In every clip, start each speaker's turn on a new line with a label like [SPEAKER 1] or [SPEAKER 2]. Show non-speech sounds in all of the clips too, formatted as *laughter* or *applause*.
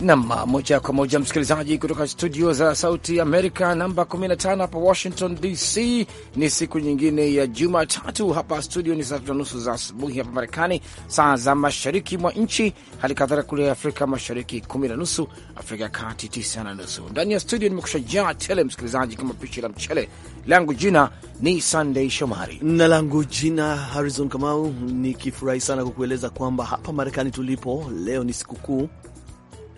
[SPEAKER 1] Nam moja kwa moja msikilizaji, kutoka studio za Sauti Amerika namba 15 hapa Washington DC. Ni siku nyingine ya Jumatatu hapa studio, ni saa tatu na nusu za asubuhi hapa Marekani, saa za mashariki mwa nchi, hali kadhalika kule Afrika Mashariki kumi na nusu, Afrika ya Kati tisa na nusu. Ndani ya studio nimekushajaa tele msikilizaji, kama pichi la mchele. Langu jina ni
[SPEAKER 2] Sunday Shomari na langu jina Harrison Kamau, nikifurahi sana kukueleza kwamba hapa Marekani tulipo leo ni sikukuu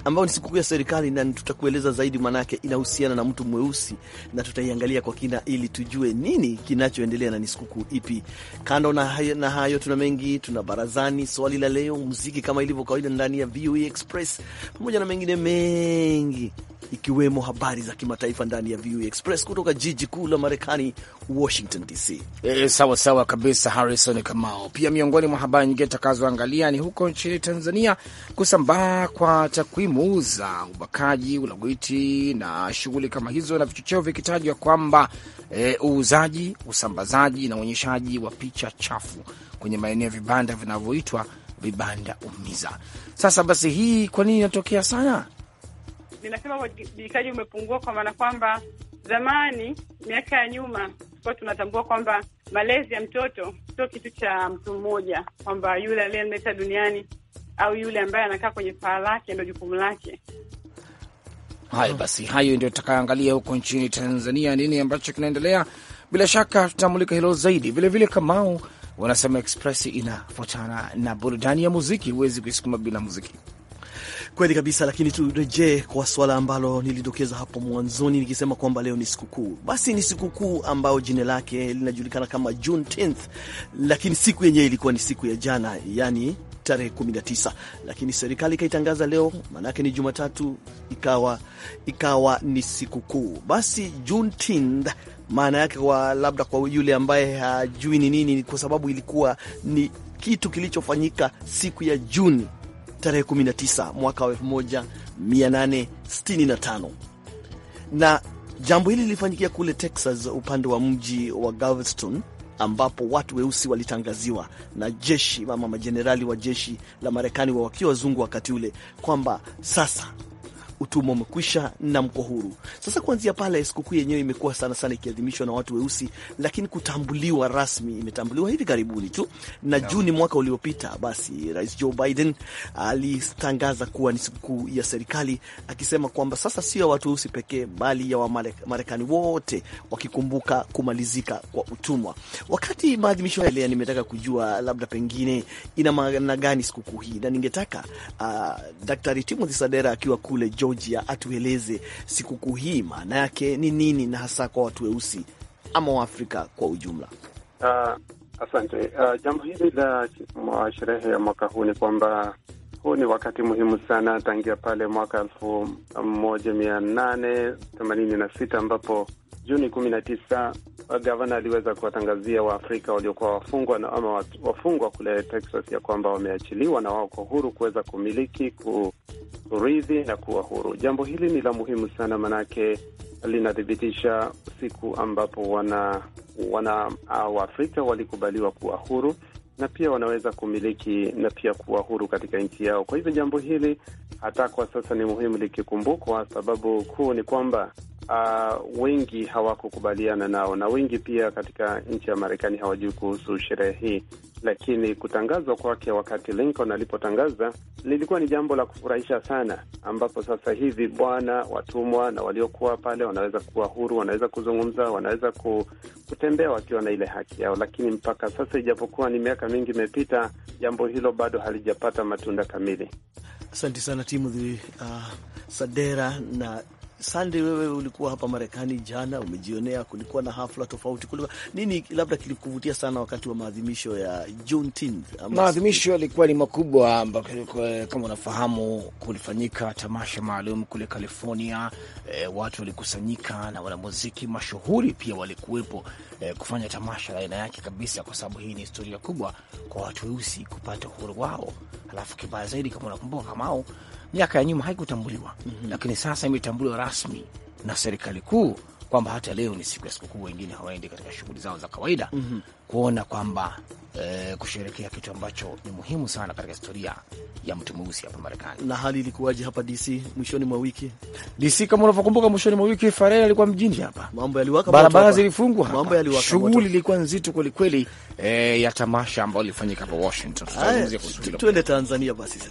[SPEAKER 2] ambayo ni sikukuu ya serikali, na tutakueleza zaidi, manake inahusiana na mtu mweusi, na tutaiangalia kwa kina ili tujue nini kinachoendelea na ni sikukuu ipi. Kando na hayo, na hayo tuna mengi, tuna barazani, swali la leo, muziki kama ilivyo kawaida ndani ya VOA e Express pamoja na mengine mengi ikiwemo habari za kimataifa ndani ya VOA Express kutoka jiji kuu la Marekani, Washington
[SPEAKER 1] DC. E, sawa sawa kabisa Harrison Kamao. Pia miongoni mwa habari nyingine tutakazoangalia ni huko nchini Tanzania, kusambaa kwa takwimu za ubakaji, ulawiti na shughuli kama hizo, na vichocheo vikitajwa kwamba e, uuzaji, usambazaji na uonyeshaji wa picha chafu kwenye maeneo ya vibanda vinavyoitwa vibanda umiza. Sasa basi, hii kwa nini inatokea sana?
[SPEAKER 3] ninasema uwajibikaji umepungua kwa maana kwamba zamani, miaka ya nyuma, tulikuwa tunatambua kwamba malezi ya mtoto sio kitu cha mtu mmoja, kwamba yule aliyemleta duniani au yule ambaye anakaa kwenye paa lake ndio jukumu lake.
[SPEAKER 4] Haya
[SPEAKER 1] basi, hayo ndio tutakaangalia huko nchini Tanzania, nini ambacho kinaendelea. Bila shaka tutamulika hilo zaidi vilevile. Kamau wanasema Express inafuatana na burudani ya muziki,
[SPEAKER 2] huwezi kuisukuma bila muziki. Kweli kabisa, lakini turejee kwa swala ambalo nilidokeza hapo mwanzoni nikisema kwamba leo ni sikukuu. Basi ni sikukuu ambayo jina lake linajulikana kama Juneteenth, lakini siku yenyewe ilikuwa ni siku ya jana, yani tarehe 19, lakini serikali ikaitangaza leo, maanake ni Jumatatu, ikawa ikawa ni sikukuu. Basi Juneteenth maana yake kwa labda kwa yule ambaye hajui ni nini, kwa sababu ilikuwa ni kitu kilichofanyika siku ya Juni tarehe 19 mwaka wa 1865 na jambo hili lilifanyikia kule Texas, upande wa mji wa Galveston, ambapo watu weusi walitangaziwa na jeshi ama majenerali wa jeshi la Marekani wakiwa wazungu wakati ule kwamba sasa utumwa umekwisha na mko huru. Sasa kuanzia pale, sikukuu yenyewe imekuwa sana sana ikiadhimishwa na watu weusi, lakini kutambuliwa rasmi imetambuliwa hivi karibuni tu na no. Juni mwaka uliopita, basi Rais Joe Biden alitangaza kuwa ni sikukuu ya serikali, akisema kwamba sasa sio ya watu weusi pekee, bali ya Wamarekani wote, wakikumbuka kumalizika kwa utumwa. Wakati maadhimisho yale, nimetaka kujua labda pengine ina maana gani sikukuu hii, na ningetaka uh, Daktari Timothy Sadera akiwa kule Georgia, Georgia atueleze sikukuu hii maana yake ni nini, na hasa kwa watu weusi ama Waafrika kwa ujumla.
[SPEAKER 5] Uh, asante. Uh, jambo hili la sherehe ya mwaka huu ni kwamba huu ni wakati muhimu sana tangia pale mwaka elfu moja mia nane themanini na sita ambapo Juni kumi na tisa ah, gavana aliweza kuwatangazia Waafrika waliokuwa wafungwa na ama wafungwa kule Texas ya kwamba wameachiliwa na wako huru kuweza kumiliki, ku, kuridhi na kuwa huru. Jambo hili ni la muhimu sana, manake linathibitisha siku ambapo wana, wana Waafrika walikubaliwa kuwa huru na pia wanaweza kumiliki na pia kuwa huru katika nchi yao. Kwa hivyo jambo hili hata kwa sasa ni muhimu likikumbukwa, sababu kuu ni kwamba uh, wengi hawakukubaliana nao, na wengi pia katika nchi ya Marekani hawajui kuhusu sherehe hii, lakini kutangazwa kwake wakati Lincoln alipotangaza lilikuwa ni jambo la kufurahisha sana, ambapo sasa hivi bwana watumwa na waliokuwa pale wanaweza kuwa huru, wanaweza kuzungumza, wanaweza kutembea wakiwa na ile haki yao. Lakini mpaka sasa, ijapokuwa ni miaka mingi imepita, jambo hilo bado halijapata matunda kamili.
[SPEAKER 2] Asante sana Timothy uh, Sadera na Sande, wewe ulikuwa hapa Marekani jana, umejionea, kulikuwa na hafla tofauti. Kulikuwa nini labda kilikuvutia sana wakati wa maadhimisho ya Juneteenth?
[SPEAKER 1] Maadhimisho yalikuwa ni makubwa, kama unafahamu, kulifanyika tamasha maalum kule California. E, watu walikusanyika na wanamuziki mashuhuri pia walikuwepo, e, kufanya tamasha la aina yake kabisa, kwa sababu hii ni historia kubwa kwa watu weusi kupata uhuru wao. Alafu kibaya zaidi, kama unakumbuka Kamau, miaka ya nyuma haikutambuliwa mm -hmm. Lakini sasa imetambuliwa rasmi na serikali kuu kwamba hata leo ni siku ya sikukuu, wengine hawaendi katika shughuli zao za kawaida mm -hmm. kuona kwamba e, kusherekea kitu ambacho ni muhimu sana katika historia ya mtu mweusi hapa Marekani. Na hali ilikuwaje hapa DC mwishoni mwa wiki? DC kama unavyokumbuka, mwishoni mwa wiki Farel alikuwa mjini hapa, mambo yaliwaka, barabara zilifungwa mambo yaliwaka, shughuli ilikuwa nzito kwelikweli, e, eh, ya tamasha ambayo ilifanyika hapa Washington.
[SPEAKER 2] Tuende Tanzania basi sasa.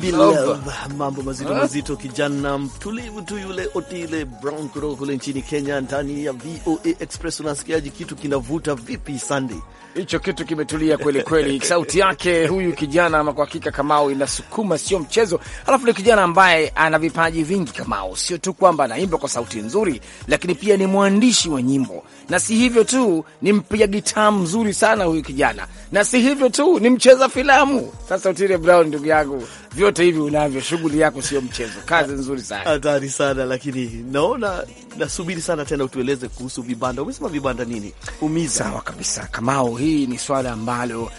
[SPEAKER 2] Baby Love, mambo mazito mazito, kijana mtulivu tu yule Otile Brown kutoka kule nchini Kenya. Ndani ya VOA Express Unasikiaji Kitu kinavuta vipi, Sunday? Hicho
[SPEAKER 1] kitu kimetulia kweli kweli. *laughs* Sauti yake huyu kijana, ama kwa hakika, Kamau inasukuma, sio mchezo. Alafu ni kijana ambaye ana vipaji vingi, Kamau. Sio tu kwamba anaimba kwa sauti nzuri, lakini pia ni mwandishi wa nyimbo, na si hivyo tu, ni mpiga gitaa mzuri sana huyu kijana, na si hivyo tu, ni mcheza filamu. Sasa Otile Brown, ndugu yangu vyote hivi
[SPEAKER 2] unavyo, shughuli yako sio mchezo, kazi nzuri sana, hatari sana lakini naona nasubiri sana tena utueleze kuhusu vibanda. Umesema vibanda nini? Umiza. Sawa kabisa, Kamao, hii
[SPEAKER 1] ni swala ambalo eh,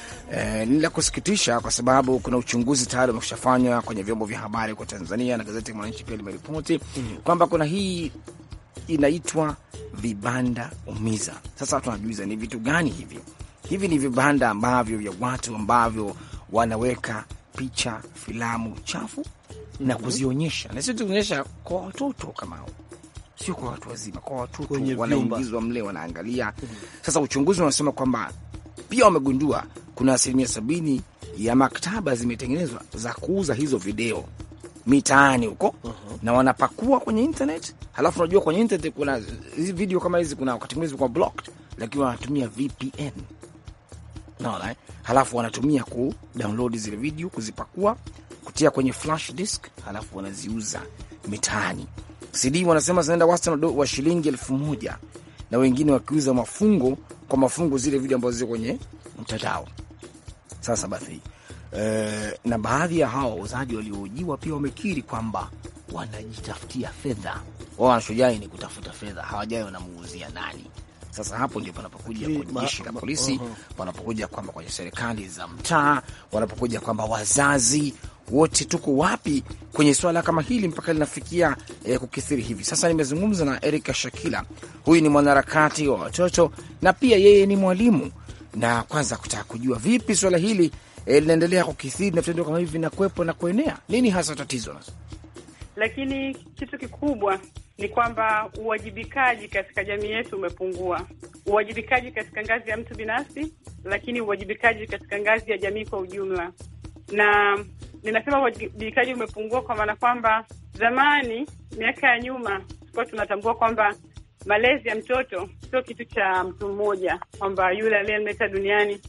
[SPEAKER 1] ni Eh, la kusikitisha kwa sababu kuna uchunguzi tayari umeshafanywa kwenye vyombo vya habari kwa Tanzania na gazeti Mwananchi pia limeripoti -hmm. kwamba kuna hii inaitwa vibanda umiza. Sasa watu wanajiuliza ni vitu gani hivi? Hivi ni vibanda ambavyo vya watu ambavyo wanaweka picha, filamu chafu mhm. na kuzionyesha, na sio tuonyesha kwa watoto kama hao sio kwa watu wazima, kwa watoto wanaingizwa mle, wanaangalia. mm -hmm. Sasa uchunguzi unasema kwamba pia wamegundua kuna asilimia sabini ya maktaba zimetengenezwa za kuuza hizo video mitaani huko uh mhm. -huh. na wanapakua kwenye internet. Halafu unajua kwenye internet kuna hizi video kama hizi, kuna wakati mwingine zilikuwa blocked, lakini wanatumia VPN naona eh? Halafu wanatumia ku download zile video, kuzipakua, kutia kwenye flash disk, halafu wanaziuza mitaani. CD wanasema zinaenda wastani wa shilingi elfu moja na wengine wakiuza mafungo kwa mafungo zile video ambazo ziko kwenye mtandao. Sasa basi e, na baadhi ya hawa wauzaji waliohojiwa pia wamekiri kwamba wanajitafutia fedha wao. wanashujai ni kutafuta fedha, hawajai wanamuuzia nani. Sasa hapo ndio panapokuja kwenye jeshi la polisi, uh-huh. panapokuja kwamba kwenye serikali za mtaa, wanapokuja kwamba wazazi wote tuko wapi kwenye swala kama hili mpaka linafikia eh, kukithiri hivi sasa. Nimezungumza na Erika Shakila, huyu ni mwanaharakati wa watoto na pia yeye ni mwalimu, na kwanza kutaka kujua vipi swala hili eh, linaendelea kukithiri na vitendo kama hivi vinakuwepo na kuenea. Nini hasa tatizo
[SPEAKER 3] Lakini kitu kikubwa ni kwamba uwajibikaji katika jamii yetu umepungua, uwajibikaji katika ngazi ya mtu binafsi, lakini uwajibikaji katika ngazi ya jamii kwa ujumla. Na ninasema uwajibikaji umepungua kwa maana kwamba zamani, miaka ya nyuma, tulikuwa tunatambua kwamba malezi ya mtoto sio kitu cha mtu mmoja, kwamba yule aliyemleta duniani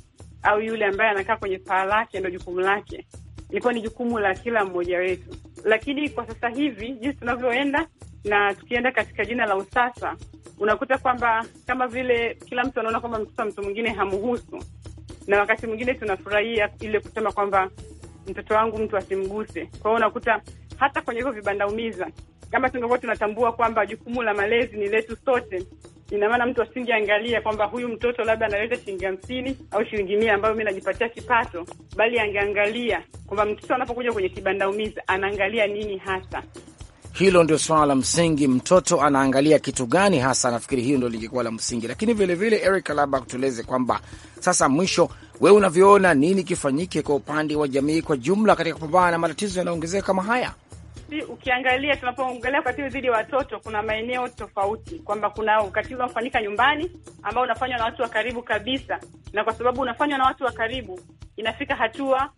[SPEAKER 3] au yule ambaye anakaa kwenye paa lake ndo jukumu lake. Ilikuwa ni jukumu la kila mmoja wetu, lakini kwa sasa hivi, jinsi tunavyoenda na tukienda katika jina la usasa, unakuta kwamba kama vile kila mtu anaona kwamba mtoto wa mtu mwingine hamuhusu, na wakati mwingine tunafurahia ile kusema kwamba mtoto wangu mtu asimguse. Kwa hiyo unakuta hata kwenye hivyo vibanda umiza, kama tungekuwa tunatambua kwamba jukumu la malezi ni letu sote, ina maana mtu asingeangalia kwamba huyu mtoto labda analeta shilingi hamsini au shilingi mia ambayo mi najipatia kipato, bali angeangalia kwamba mtoto anapokuja kwenye kibanda umiza anaangalia nini hasa
[SPEAKER 1] hilo ndio swala la msingi, mtoto anaangalia kitu gani hasa. Nafikiri hiyo ndio lingekuwa la msingi, lakini vilevile Eric, labda kutueleze kwamba sasa mwisho, we unavyoona nini kifanyike kwa upande wa jamii kwa jumla katika kupambana na matatizo yanayoongezeka kama haya?
[SPEAKER 3] Ukiangalia, tunapoongelea ukatili dhidi ya watoto kuna maeneo tofauti, kwamba kuna ukatili unaofanyika nyumbani ambao unafanywa na watu wa karibu kabisa, na kwa sababu unafanywa na watu wa karibu, inafika hatua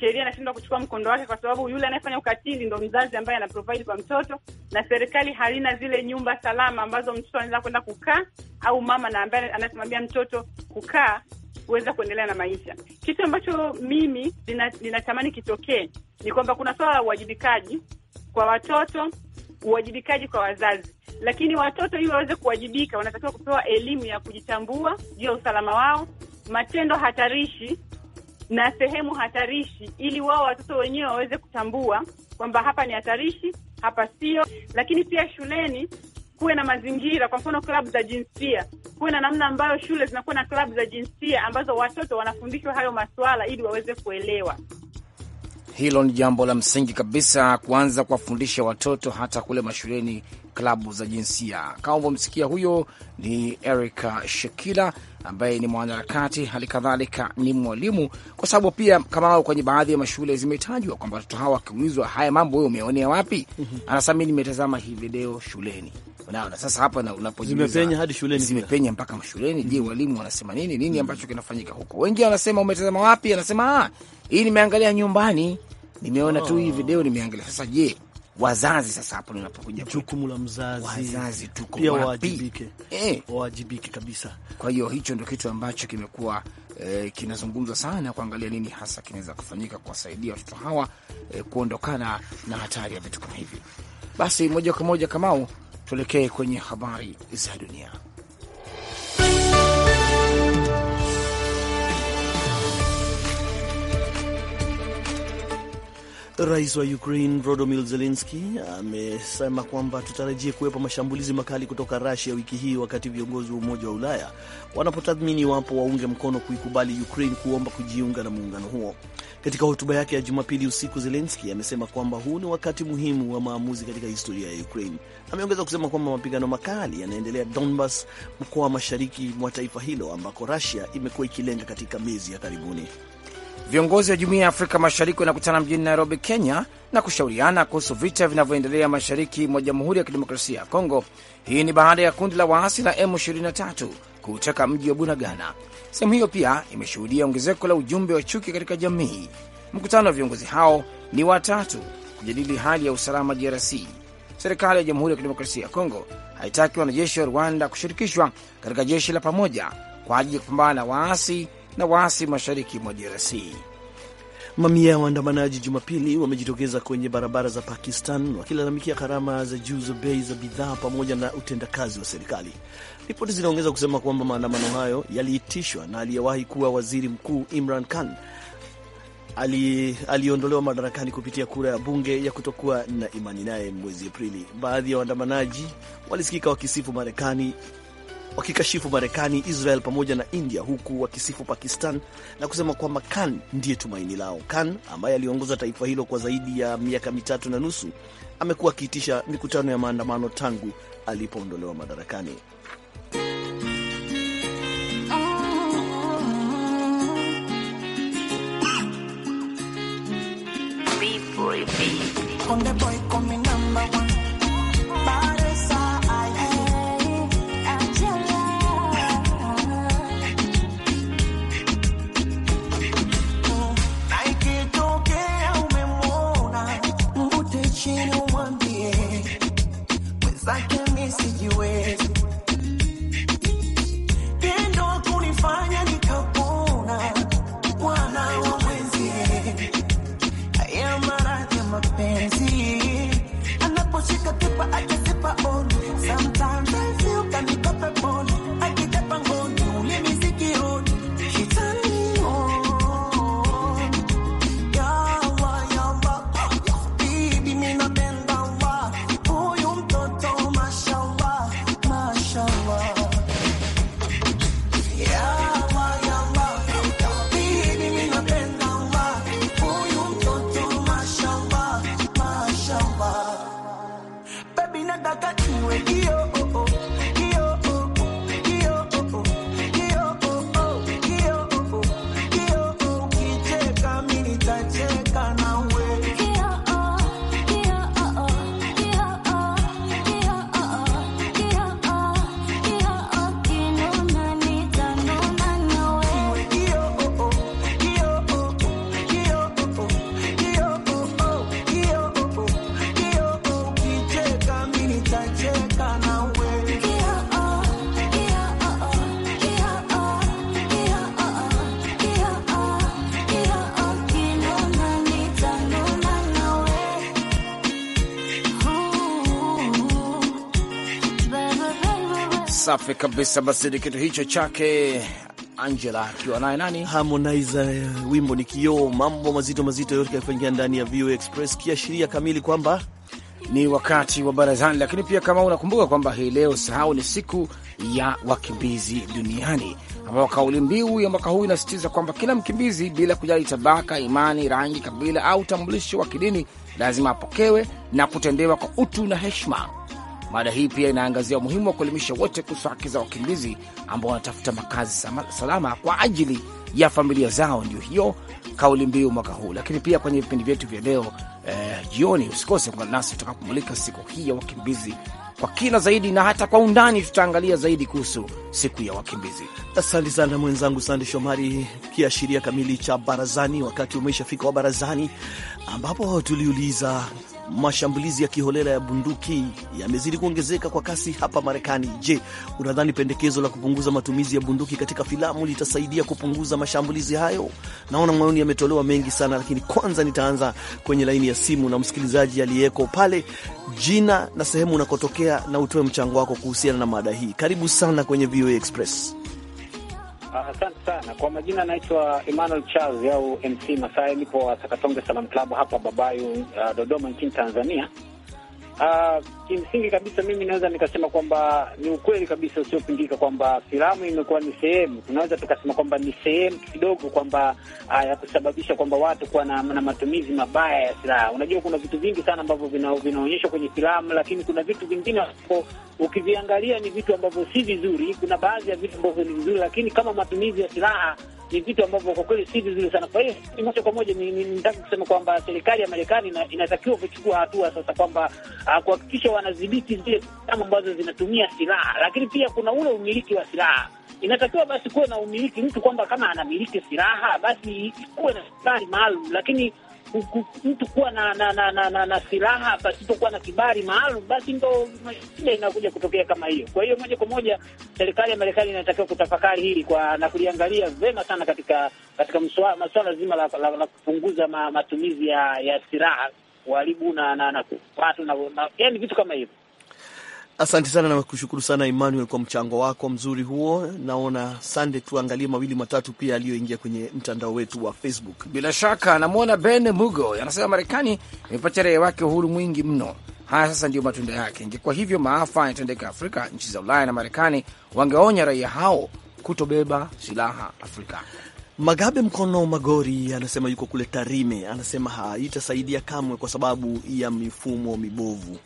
[SPEAKER 3] sheria inashindwa kuchukua mkondo wake, kwa sababu yule anayefanya ukatili ndo mzazi ambaye ana provide kwa mtoto, na serikali halina zile nyumba salama ambazo mtoto anaweza kwenda kukaa au mama na ambaye anasimamia mtoto kukaa kuweza kuendelea na maisha. Kitu ambacho mimi ninatamani kitokee ni kwamba kuna swala la uwajibikaji kwa watoto, uwajibikaji kwa wazazi, lakini watoto ili waweze kuwajibika, wanatakiwa kupewa elimu ya kujitambua juu ya usalama wao, matendo hatarishi na sehemu hatarishi, ili wao watoto wenyewe waweze kutambua kwamba hapa ni hatarishi, hapa sio. Lakini pia shuleni kuwe na mazingira, kwa mfano klabu za jinsia, kuwe na namna ambayo shule zinakuwa na klabu za jinsia ambazo watoto wanafundishwa hayo masuala ili waweze kuelewa.
[SPEAKER 1] Hilo ni jambo la msingi kabisa, kuanza kuwafundisha watoto hata kule mashuleni klabu za jinsia. Kama unavyomsikia huyo ni Erica Shekila ambaye ni mwanaharakati, hali kadhalika ni mwalimu, kwa sababu pia kama kwenye baadhi ya mashule zimetajwa kwamba watoto hawa wakiulizwa haya mambo, wewe umeonea wapi? Mhm. Anasema mi nimetazama hii video shuleni naona sasa hapa na unapojiuliza zimepenya hadi shuleni, zimepenya mpaka mashuleni. Je, mm-hmm. walimu wanasema nini? Nini ambacho kinafanyika huko? Wengi wanasema umetazama wapi? Anasema ah, hii nimeangalia nyumbani, nimeona oh, tu hii oh. video nimeangalia. Sasa je wazazi sasa, hapo ninapokuja jukumu la mzazi, wazazi tuko pia wajibike, eh, wajibike kabisa. Kwa hiyo hicho ndio kitu ambacho kimekuwa eh, kinazungumzwa sana, kuangalia nini hasa kinaweza kufanyika kuwasaidia watoto hawa eh, kuondokana na hatari ya vitu kama hivi. Basi moja kwa moja Kamau, Tuelekee kwenye habari za dunia.
[SPEAKER 2] Rais wa Ukraine Volodymyr Zelensky amesema kwamba tutarajie kuwepo mashambulizi makali kutoka Russia wiki hii, wakati viongozi wa Umoja wa Ulaya wanapotathmini iwapo waunge mkono kuikubali Ukraine kuomba kujiunga na muungano huo. Katika hotuba yake ya Jumapili usiku, Zelensky amesema kwamba huu ni wakati muhimu wa maamuzi katika historia ya Ukraine. Ameongeza kusema kwamba mapigano makali yanaendelea Donbas, mkoa wa mashariki mwa taifa hilo ambako Russia imekuwa ikilenga katika miezi ya karibuni. Viongozi wa Jumuiya ya Afrika Mashariki wanakutana mjini Nairobi, Kenya,
[SPEAKER 1] na kushauriana kuhusu vita vinavyoendelea mashariki mwa Jamhuri ya Kidemokrasia ya Kongo. Hii ni baada ya kundi la waasi la M23 kuuteka mji wa Bunagana. Sehemu hiyo pia imeshuhudia ongezeko la ujumbe wa chuki katika jamii. Mkutano wa viongozi hao ni watatu kujadili hali ya usalama DRC. Serikali ya Jamhuri ya Kidemokrasia ya Kongo haitaki wanajeshi wa Rwanda kushirikishwa katika jeshi la pamoja kwa ajili ya kupambana na waasi na
[SPEAKER 2] waasi mashariki mwa DRC. Mamia ya waandamanaji Jumapili wamejitokeza kwenye barabara za Pakistan wakilalamikia gharama za juu za bei za bidhaa pamoja na utendakazi wa serikali. Ripoti zinaongeza kusema kwamba maandamano hayo yaliitishwa na aliyewahi kuwa waziri mkuu Imran Khan aliyeondolewa madarakani kupitia kura ya bunge ya kutokuwa na imani naye mwezi Aprili. Baadhi ya waandamanaji walisikika wakisifu Marekani wakikashifu Marekani, Israel pamoja na India, huku wakisifu Pakistan na kusema kwamba Khan ndiye tumaini lao. Khan ambaye aliongoza taifa hilo kwa zaidi ya miaka mitatu na nusu amekuwa akiitisha mikutano ya maandamano tangu alipoondolewa madarakani.
[SPEAKER 4] Oh, oh, oh.
[SPEAKER 1] safi kabisa. Basi ni kitu hicho chake Angela
[SPEAKER 2] akiwa naye nani, Harmonize, eh, wimbo ni kioo. Mambo mazito mazito yote yafanyika ndani ya VOA Express, kiashiria kamili kwamba ni wakati wa barazani. Lakini pia kama unakumbuka kwamba hii leo sahau,
[SPEAKER 1] ni siku ya wakimbizi duniani, ambapo kauli mbiu ya mwaka huu inasisitiza kwamba kila mkimbizi, bila kujali tabaka, imani, rangi, kabila au utambulisho wa kidini, lazima apokewe na kutendewa kwa utu na heshima Mada hii pia inaangazia umuhimu wa kuelimisha wote kuhusu haki za wakimbizi ambao wanatafuta makazi salama kwa ajili ya familia zao. Ndio hiyo kauli mbiu mwaka huu, lakini pia kwenye vipindi vyetu vya leo eh, jioni usikose kuungana nasi tutakapomulika siku hii ya wakimbizi kwa kina zaidi na hata kwa undani
[SPEAKER 2] tutaangalia zaidi kuhusu siku ya wakimbizi. Asante sana mwenzangu Sande Shomari. Kiashiria kamili cha barazani, wakati umeishafika wa barazani, ambapo tuliuliza mashambulizi ya kiholela ya bunduki yamezidi kuongezeka kwa kasi hapa Marekani. Je, unadhani pendekezo la kupunguza matumizi ya bunduki katika filamu litasaidia kupunguza mashambulizi hayo? Naona maoni yametolewa mengi sana, lakini kwanza nitaanza kwenye laini ya simu na msikilizaji aliyeko pale, jina na sehemu unakotokea, na utoe mchango wako kuhusiana na mada hii. Karibu sana kwenye VOA Express.
[SPEAKER 6] Ah, asante sana kwa majina, anaitwa Emmanuel Charles au MC Masai, nipo Sakatonge Salam Club hapa Babayu, uh, Dodoma nchini Tanzania. Uh, kimsingi kabisa mimi naweza nikasema kwamba ni ukweli kabisa usiopingika kwamba filamu imekuwa ni sehemu, tunaweza tukasema kwamba ni sehemu kidogo kwamba uh, ya kusababisha kwamba watu kuwa na, na matumizi mabaya ya silaha. Unajua, kuna vitu vingi sana ambavyo vinaonyeshwa vina kwenye filamu, lakini kuna vitu vingine ambapo ukiviangalia ni vitu ambavyo si vizuri. Kuna baadhi ya vitu ambavyo ni vizuri, lakini kama matumizi ya silaha ni vitu ambavyo kwa kweli si vizuri sana. Kwa hiyo moja kwa moja nitaka kusema kwamba serikali ya Marekani inatakiwa kuchukua hatua sasa, kwamba ah, kuhakikisha wanadhibiti zile tamu ambazo zinatumia silaha, lakini pia kuna ule umiliki wa silaha inatakiwa basi kuwe na umiliki mtu, kwamba kama anamiliki silaha basi kuwe na safari maalum, lakini mtu kuwa na na, na, na, na, na silaha pasipokuwa na kibali maalum, basi ndo shida inakuja kutokea kama hiyo. Kwa hiyo moja kwa moja serikali ya Marekani inatakiwa kutafakari hili kwa na kuliangalia vema sana katika katika masuala zima la, la, la, la kupunguza ma, matumizi ya, ya silaha, uharibu na na, na, na, na, na, na, yani vitu kama hivyo.
[SPEAKER 2] Asante sana, nakushukuru sana Emmanuel kwa mchango wako mzuri huo. Naona sande, tuangalie mawili matatu pia aliyoingia kwenye mtandao wetu wa Facebook. Bila shaka namwona Ben Mugo anasema Marekani imepatia raia
[SPEAKER 1] wake uhuru mwingi mno. Haya sasa ndiyo matunda yake. Ingekuwa hivyo maafa yanatendeka Afrika, nchi za Ulaya
[SPEAKER 2] na Marekani wangeonya raia hao kutobeba silaha Afrika. Magabe Mkono Magori anasema yuko kule Tarime, anasema haitasaidia kamwe kwa sababu ya mifumo mibovu.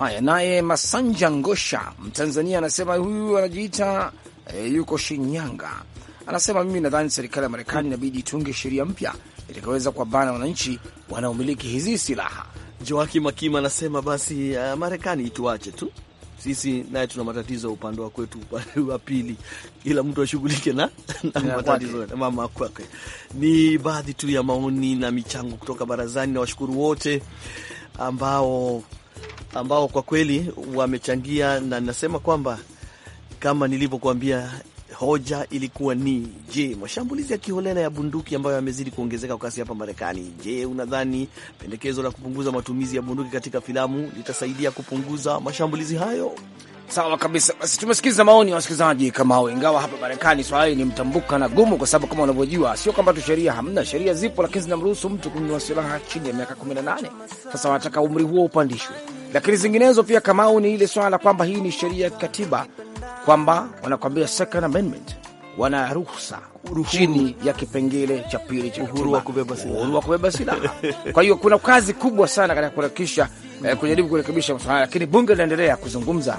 [SPEAKER 2] Haya, naye Masanja Ngosha
[SPEAKER 1] Mtanzania anasema huyu anajiita e, yuko Shinyanga. Anasema mimi nadhani serikali ya Marekani inabidi itunge sheria mpya itakaweza kuwabana wananchi wanaomiliki hizi silaha.
[SPEAKER 2] Joaki Makima anasema basi, uh, Marekani ituache tu sisi, naye tuna matatizo upande wa kwetu, upande wa pili, ila mtu ashughulike na, na matatizo na mama kwake. Ni baadhi tu ya maoni na michango kutoka barazani, na washukuru wote ambao ambao kwa kweli wamechangia, na nasema kwamba kama nilivyokuambia hoja ilikuwa ni je, mashambulizi ya kiholela ya bunduki ambayo yamezidi kuongezeka kwa kasi hapa Marekani. Je, unadhani pendekezo la kupunguza matumizi ya bunduki katika filamu litasaidia kupunguza mashambulizi hayo? Sawa
[SPEAKER 1] kabisa. Basi tumesikiza maoni ya wasikilizaji kama hao, ingawa hapa Marekani swala hili ni mtambuka na gumu, kwa sababu kama unavyojua, sio kwamba tu sheria hamna, sheria zipo, lakini zinamruhusu mtu kununua silaha chini ya miaka 18. Sasa wanataka umri huo upandishwe, lakini zinginezo pia hao, ni ile swala kwamba hii ni sheria ya kikatiba, kwamba wanakwambia second amendment wana ruhusa chini ya kipengele cha pili cha uhuru wa kubeba silaha. Kwa hiyo kuna kazi kubwa sana katika kurekebisha eh, kujaribu kurekebisha masuala, lakini bunge linaendelea kuzungumza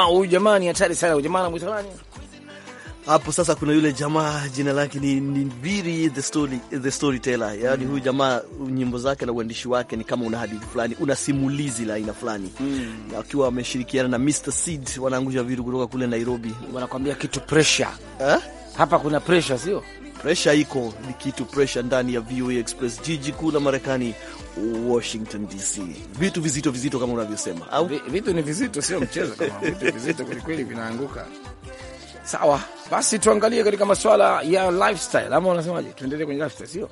[SPEAKER 2] kama huyu jamaa ni hatari sana. Jamaa anamwita nani hapo sasa? Kuna yule jamaa jina lake ni Nibiri the story, the storyteller, yani, mm. Huyu jamaa nyimbo zake na uandishi wake ni kama una hadithi fulani, una simulizi la aina fulani mm. Na akiwa ameshirikiana na Mr Seed wanaangusha vitu kutoka kule Nairobi, wanakwambia kitu pressure eh? Hapa kuna pressure sio? pressure, iko ni kitu, pressure ndani ya VOA Express, jiji kuu la Marekani, Washington DC. Vitu vizito vizito kama unavyosema,
[SPEAKER 1] au vitu ni vizito, sio mchezo kama vitu vizito kwelikweli vinaanguka. Sawa basi, tuangalie katika masuala ya lifestyle, ama unasemaje? Tuendelee kwenye lifestyle, sio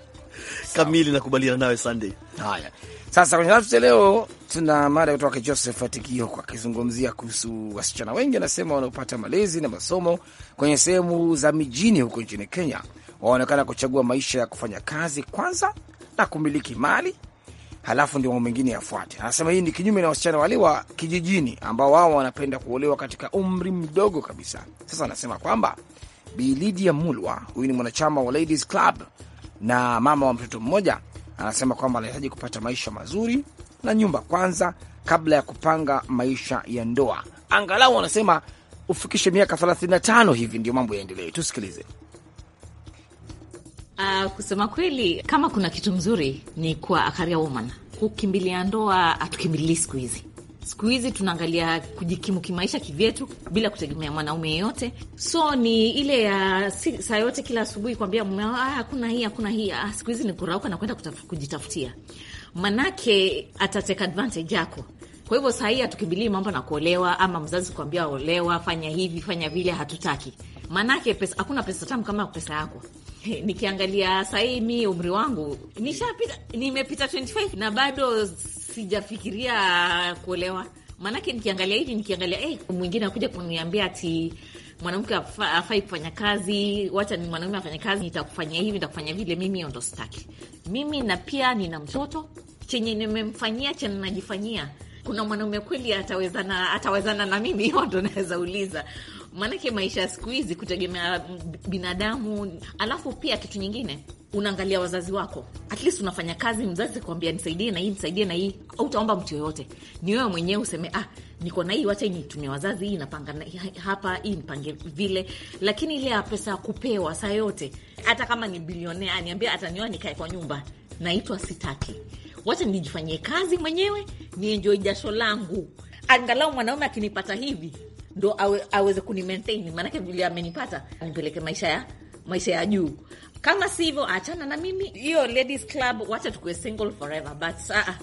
[SPEAKER 1] kamili? Nakubaliana nawe Sunday. Haya, sasa kwenye lifestyle leo tuna mada kutoka Joseph Atikio kwa akizungumzia kuhusu wasichana wengi, anasema wanaopata malezi na masomo kwenye sehemu za mijini huko nchini Kenya waonekana kuchagua maisha ya kufanya kazi kwanza na kumiliki mali halafu ndio mambo mengine yafuate. Anasema hii ni kinyume na wasichana wale wa kijijini ambao wao wanapenda kuolewa katika umri mdogo kabisa. Sasa anasema kwamba Bi Lydia Mulwa, huyu ni mwanachama wa Ladies Club na mama wa mtoto mmoja, anasema kwamba anahitaji kupata maisha mazuri na nyumba kwanza kabla ya kupanga maisha ya ndoa. Angalau anasema ufikishe miaka 35 hivi ndio mambo yaendelee. Tusikilize.
[SPEAKER 7] Uh, kusema kweli, kama kuna kitu mzuri ni kwa akaria woman. Kukimbilia ndoa hatukimbilii siku hizi. Siku hizi tunaangalia kujikimu kimaisha kivyetu bila kutegemea mwanaume yeyote. So ni ile ya si, saa yote kila asubuhi kuambia mume ah, hakuna hii hakuna hii ah, siku hizi ni kurauka na kwenda kujitafutia, manake atateka advantage yako. Kwa hivyo saa hii hatukimbilii mambo na kuolewa ama mzazi kuambia olewa, fanya hivi fanya vile, hatutaki. Manake pesa, hakuna pesa tamu kama pesa yako nikiangalia sahii mi umri wangu nishapita, nimepita 25 na bado sijafikiria kuolewa. Maanake nikiangalia hivi, nikiangalia hey, eh, mwingine akuja kuniambia ati mwanamke afai kufanya kazi, wacha ni mwanaume afanye kazi, nitakufanyia hivi, nitakufanyia vile. Mimi ndo sitaki mimi, na pia nina mtoto, chenye nimemfanyia chenye najifanyia. Kuna mwanaume kweli atawezana, atawezana na mimi? *laughs* Hiyo ndo naweza uliza maanake maisha ya siku hizi kutegemea binadamu. Alafu pia kitu nyingine unaangalia wazazi wako, at least unafanya kazi, mzazi kuambia nisaidie na hii nisaidie na hii, au utaomba mtu yoyote. Ni wewe mwenyewe useme ah, niko na hii, wacha nitumia wazazi, hii napanga hapa, hii nipange vile. Lakini ile pesa ya kupewa saa yote, hata kama ni bilionea aniambia atanioa nikae kwa nyumba, naitwa sitaki. Wacha nijifanyie kazi mwenyewe, nienjoi jasho langu, angalau mwanaume akinipata hivi ndo awe, aweze kuni maintain, maanake vile amenipata anipeleke maisha ya maisha ya juu. Kama hivyo achana na mimi, hiyo ladies club, wacha tukue single forever but ah, ah,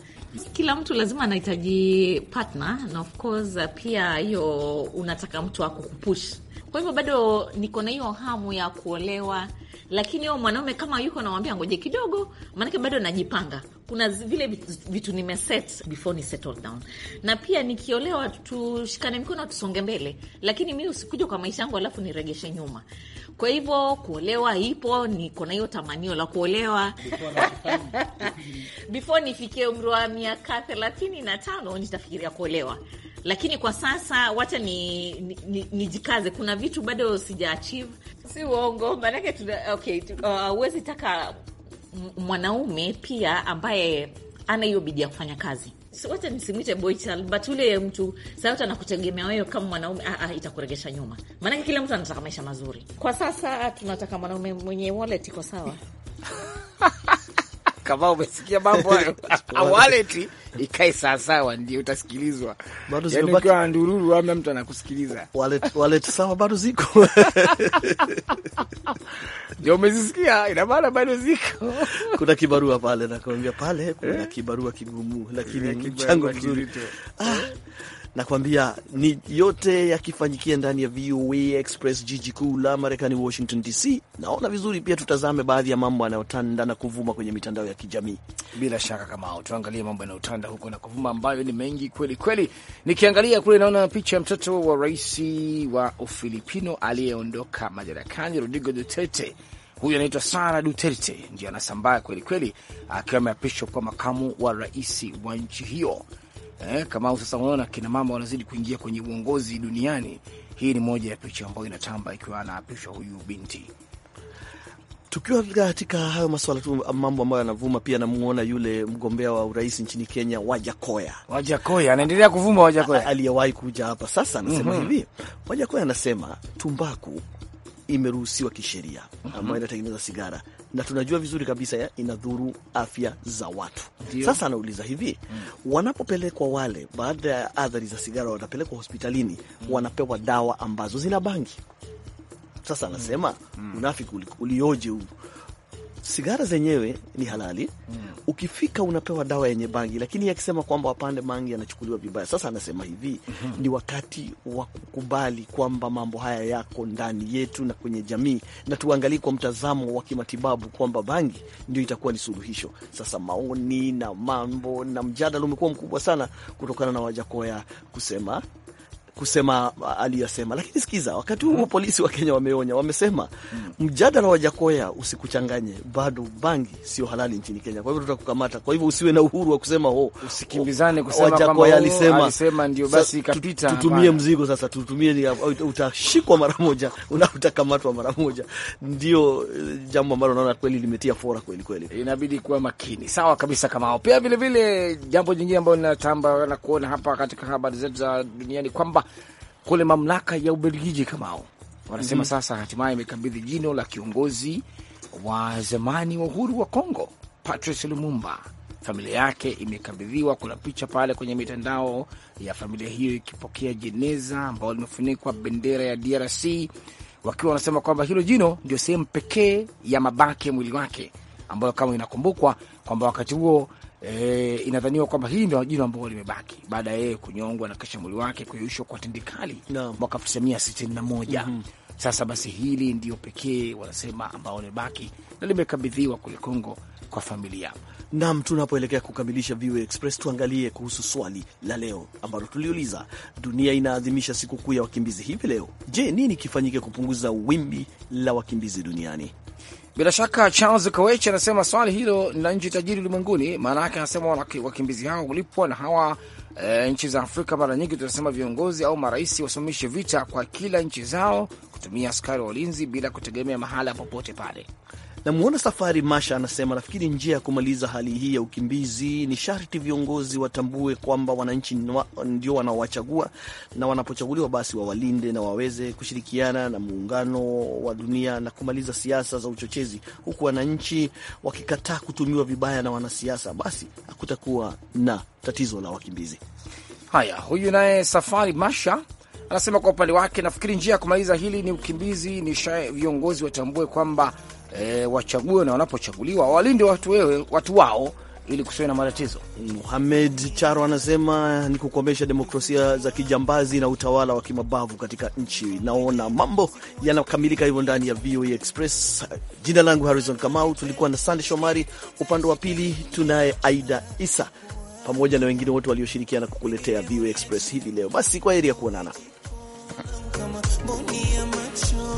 [SPEAKER 7] kila mtu lazima anahitaji partner, na of course ah, pia hiyo unataka mtu wako kupush. Kwa hivyo bado niko na hiyo hamu ya kuolewa, lakini huyo mwanaume kama yuko nawambia, ngoje kidogo, maanake bado najipanga kuna vile vitu set before ni settle down, na pia nikiolewa, tushikane mikono tusonge mbele, lakini mi usikuja kwa maisha yangu alafu niregeshe nyuma. Kwa hivyo kuolewa ipo, niko na hiyo tamanio la kuolewa *laughs* before nifikie umri wa miaka thelathini na tano nitafikiria kuolewa, lakini kwa sasa wacha nijikaze, ni, ni, ni kuna vitu bado sija achieve. Si uongo maanake, okay, uh, huwezi uh, taka mwanaume pia ambaye ana hiyo bidii ya kufanya kazi. Wacha nisimwite boy but ule mtu sauti anakutegemea wewe kama mwanaume, ah, ah, itakuregesha nyuma, maanake kila mtu anataka maisha mazuri. Kwa sasa tunataka mwanaume mwenye wallet iko sawa *laughs* kama umesikia mambo hayo, *laughs* wallet
[SPEAKER 1] ikae sawasawa, ndio utasikilizwa. Bado yaani ziko baki yani, ndururu ama mtu anakusikiliza wallet,
[SPEAKER 2] wallet sawa, bado ziko *laughs* ndio umezisikia,
[SPEAKER 1] ina maana bado ziko.
[SPEAKER 2] *laughs* Kuna kibarua pale, nakwambia pale kuna eh? kibarua kigumu, lakini mchango mzuri ah nakwambia ni yote yakifanyikia ndani ya VOA Express, jiji kuu la Marekani, Washington DC. Naona vizuri pia tutazame baadhi ya mambo yanayotanda na kuvuma kwenye mitandao ya kijamii. Bila shaka, kama tuangalie mambo yanayotanda huko na
[SPEAKER 1] kuvuma, ambayo ni mengi kweli kweli. Nikiangalia kule, naona picha ya mtoto wa rais wa Ufilipino aliyeondoka madarakani Rodrigo Duterte. Huyu anaitwa Sara Duterte, ndio anasambaa kweli kweli, akiwa ameapishwa kuwa makamu wa rais wa nchi hiyo eh, kama sasa unaona kina mama wanazidi kuingia kwenye uongozi duniani. Hii ni moja
[SPEAKER 2] ya picha ambayo inatamba ikiwa anaapishwa huyu binti. Tukiwa katika hayo maswala tu, mambo ambayo yanavuma pia, namuona yule mgombea wa urais nchini Kenya, Wajakoya. Wajakoya anaendelea kuvuma, Wajakoya aliyewahi kuja hapa sasa anasema mm -hmm. hivi Wajakoya anasema tumbaku imeruhusiwa kisheria mhm. ambayo inatengeneza sigara na tunajua vizuri kabisa inadhuru afya za watu. Dio. Sasa anauliza hivi, mm. wanapopelekwa wale baada ya athari za sigara wanapelekwa hospitalini, mm. wanapewa dawa ambazo zina bangi. Sasa anasema mm. mm. unafiki ulioje huu sigara zenyewe ni halali mm. Ukifika unapewa dawa yenye bangi, lakini akisema kwamba wapande bangi anachukuliwa vibaya. Sasa anasema hivi mm -hmm. Ni wakati wa kukubali kwamba mambo haya yako ndani yetu na kwenye jamii, na tuangalie kwa mtazamo wa kimatibabu kwamba bangi ndio itakuwa ni suluhisho. Sasa maoni na mambo na mjadala umekuwa mkubwa sana kutokana na Wajakoya kusema kusema uh, aliyosema. Lakini sikiza, wakati huo hmm. polisi wa Kenya wameonya, wamesema hmm. mjadala wa Jakoya usikuchanganye, bado bangi sio halali nchini Kenya, kwa hivyo tutakukamata. Kwa hivyo usiwe na uhuru wa kusema oh, usikimbizane oh, kusema kwamba oh, alisema alisema ndio basi ikapita. Tutumie mzigo sasa, tutumie, utashikwa mara moja *laughs* na utakamatwa mara moja. Ndio eh, jambo ambalo naona kweli limetia fora kweli kweli, inabidi kuwa makini. Sawa kabisa, kama hao pia vile vile. Jambo jingine ambalo
[SPEAKER 1] linatamba na kuona hapa katika habari zetu za duniani kwamba kule mamlaka ya Ubelgiji kamao wanasema mm -hmm. Sasa hatimaye imekabidhi jino la kiongozi wa zamani wa uhuru wa congo Patrice Lumumba. Familia yake imekabidhiwa. Kuna picha pale kwenye mitandao ya familia hiyo ikipokea jeneza ambao limefunikwa bendera ya DRC, wakiwa wanasema kwamba hilo jino ndio sehemu pekee ya mabaki ya mwili wake ambayo kama inakumbukwa kwamba wakati huo E, inadhaniwa kwamba hili ndio jino ambalo limebaki baada ya yeye kunyongwa na kisha mwili wake kuyeyushwa kwa tindikali no. mwaka 1961 mm -hmm. Sasa basi hili ndio pekee wanasema ambao limebaki na
[SPEAKER 2] limekabidhiwa kule Kongo kwa familia. Naam, tunapoelekea kukamilisha VOA Express, tuangalie kuhusu swali la leo ambalo tuliuliza, dunia inaadhimisha sikukuu ya wakimbizi hivi leo. Je, nini kifanyike kupunguza wimbi la wakimbizi duniani? Bila shaka Charles
[SPEAKER 1] Kowech anasema swali hilo ni la nchi tajiri ulimwenguni, maana yake anasema wakimbizi hao ulipwa na hawa e, nchi za Afrika mara nyingi tunasema viongozi au marais wasimamishe vita kwa kila
[SPEAKER 2] nchi zao, kutumia askari wa ulinzi bila kutegemea mahala popote pale. Namwona Safari Masha anasema nafikiri njia ya kumaliza hali hii ya ukimbizi ni sharti viongozi watambue kwamba wananchi ndio wanaowachagua, na wanapochaguliwa basi wawalinde na waweze kushirikiana na muungano wa dunia na kumaliza siasa za uchochezi. Huku wananchi wakikataa kutumiwa vibaya na wanasiasa, basi hakutakuwa na tatizo la wakimbizi. Haya, huyu naye Safari Masha anasema kwa upande wake, nafikiri
[SPEAKER 1] njia ya kumaliza hili ni ukimbizi, ni shae, viongozi watambue kwamba e, wachague na
[SPEAKER 2] wanapochaguliwa walinde watu, wewe, watu wao ili kusiwe na matatizo. Muhamed Charo anasema ni kukomesha demokrasia za kijambazi na utawala wa kimabavu katika nchi. Naona mambo yanakamilika hivyo ndani ya VOA e Express. Jina langu Harrison Kamau, tulikuwa na Sande Shomari upande wa pili, tunaye Aida Isa pamoja na wengine wote walioshirikiana kukuletea VOA e Express hivi leo. Basi kwa heri ya kuonana.
[SPEAKER 4] kama mboni ya macho